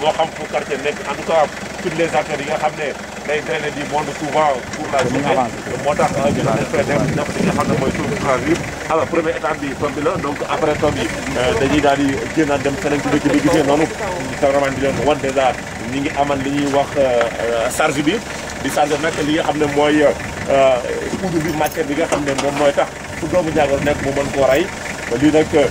moo xam fu quartier nekk en yi nga xam ne day drainer du monde souvent pour la journée moo tax ñu euh, fay euh, euh, li nga xam ne bi di génnaat dem feneen nga xam ne mooy poudre bi nga xam ne moom mooy tax fu doomu jàngoro nekk mu mën koo rey lii nag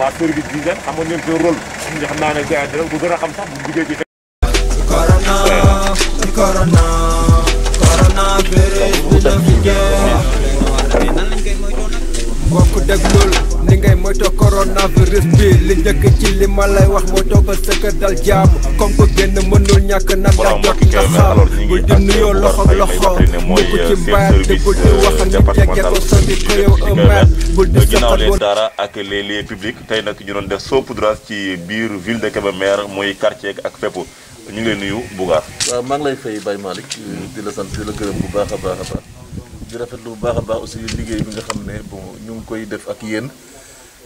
waa service d'hygiène xamoon ngeen seen rôle nga xam naa ne xam sax bu ci corona corona corona virus coronavirus bi li njëkk ci li ma lay wax dal comme ko mënul bu di loxo loxo mooy euh, service euh, départemental de ginnaaw les daara ak les lieux publics tey nag ñu doon def saupoudrage ci biir ville de Kébémer mooy quartier ak fépp ñu ngi lay nuyu Bougar. waaw maa ngi lay fay Baye Malick di la sant di la gërëm bu baax a baax a baax di rafetlu bu baax a baax aussi liggéey bi nga xam ne bon ñu ngi koy def ak yéen.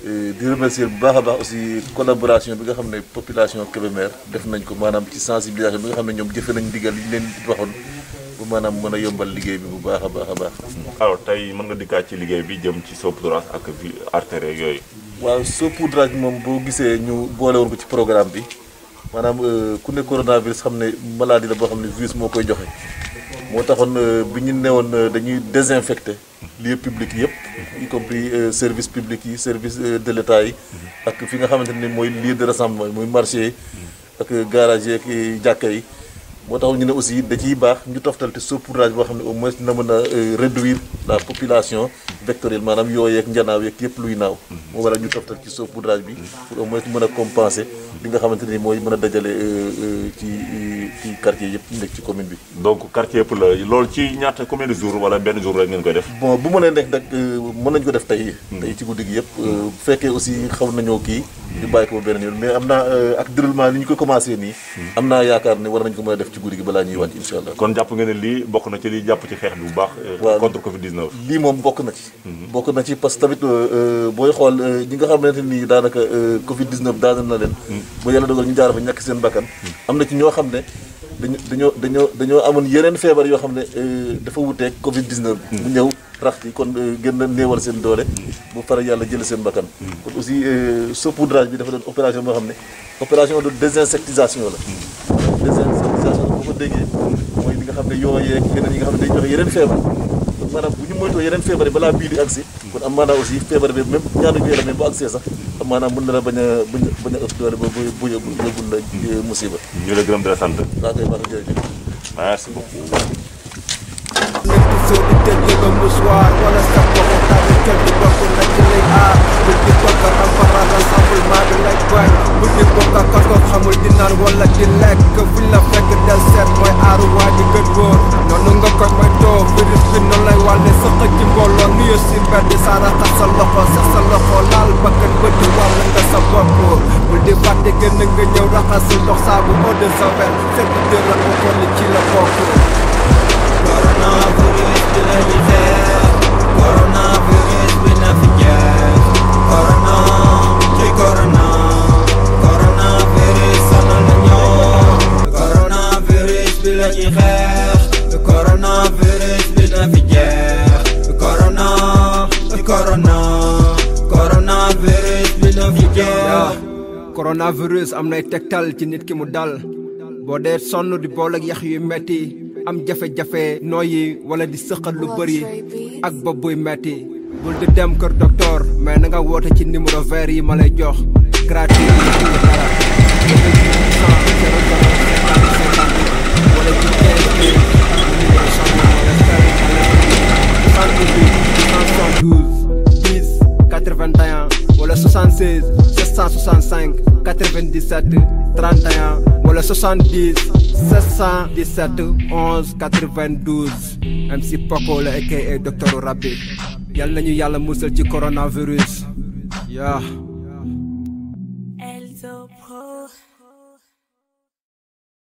Euh, di remercier bu baax a baax aussi collaboration bi nga xam ne population Kébémer def nañ ko maanaam ci sensibilisation bi nga xam ne ñoom jëfe nañ ndigal yi leen waxoon maanaam mën a yombal liggéey bi bu baax a baax a baax. alors tey mën nga dikkaat ci liggéey bi jëm ci saupoudrage ak vi artère yooyu. waaw saupoudrage moom boo gisee ñu boole woon ko ci programme bi maanaam euh, ku ne coronavirus xam ne maladie la boo xam ne virus moo koy joxe moo taxoon euh, bi ñu newoon euh, dañuy désinfecté lieu public yëpp y compris service public yi service de l'état yi ak fi nga xamante ne mooy lieu de rassemblement mooy marché ak garage ak jàkka yi. moo tax ñu ne aussi da ciy baax ñu toftal te saupoudrage boo xam ne au moins na mën a euh, réduire la population vectoriel maanaam yooyeeg njanaaw yeeg yëpp luy naaw mhm. moo waral ñu toftal ci suuf poudrage bi pour au moins mën a compenser li nga xamante ni mooy mën a dajale euh, euh, ci ci quartier yëpp nekk ci commune bi donc quartier yëpp la loolu ci ñaata combien de jours wala benn jour rek ngeen koy def bon bu mënee nekk nag euh, mën nañu ko def tey mhm. tey ci guddi gi yëpp mhm. fekkee aussi xaw nañoo kii ñu bàyyi ko beneen yoon mais am naa ak déroulement li ñu ko commencé nii am naa yaakaar ne war nañu ko mën a def ci guddi gi balaa ñuy wàcc insha allah kon jàpp nga ne lii moom bokk na ci bokk na ci parce que tamit euh, euh, booy xool euh, ñi nga xamante nii daanaka Covid 19 daanal na leen. Mm. ba yàlla dogal ñu jaar fa ñàkk seen bakkan. Mm. am na ci ñoo xam ne dañu dañoo dañoo dañoo amoon yeneen feebar yoo xam ne dafa wuteeg Covid 19. Mm. mu ñëw rax ci kon gën na néewal seen doole. bu pare yàlla jël seen bakkan. kon aussi saupoudrage bi dafa doon opération boo xam ne opération de désinsectisation la. désinsectisation boo ko déggee mooy li nga xam ne yooyee yeneen yi nga xam ne day joxe yeneen feebar. kon maanaam bu ñu moytoo yeneen feebar yi balaa bii di agsi kon am maanaam aussi feebar bi même ñaari bi yaram yi bu agsee sax am maanaam mën na la bañ a bañ a bañ a ba bu yëgul yëgul la musiba ñu la gërëm la sant waaw kay baax jërëjëf merci beaucoup xamul di naan wala lekk fuñ fekk del seet mooy aaru waa ji gën wóor def bi noonu lay wàlle sëqa ci mbooloo nuyu si mbedd sa raxas sa loxo sax sa loxo laal bakkan bët di wàll nga sa bopp bul di fàtte gën nga ñëw raxas si ndox saabu eau de javel seet di la ko ci la bokk coronavirus am nay tegtal ci nit ki mu dal boo dee sonn di bool ak yax yu metti am jafe-jafe nooyi wala di sëqat lu bëri ak bopp buy metti bul di dem kër docteur mais na nga woote ci numéro vert yi ma lay jox gratuit wala 76 765 97 31 wala 70 717 11 92 MC Paco la aka docteur Rabi yal nañu yàlla musal ci coronavirus yaa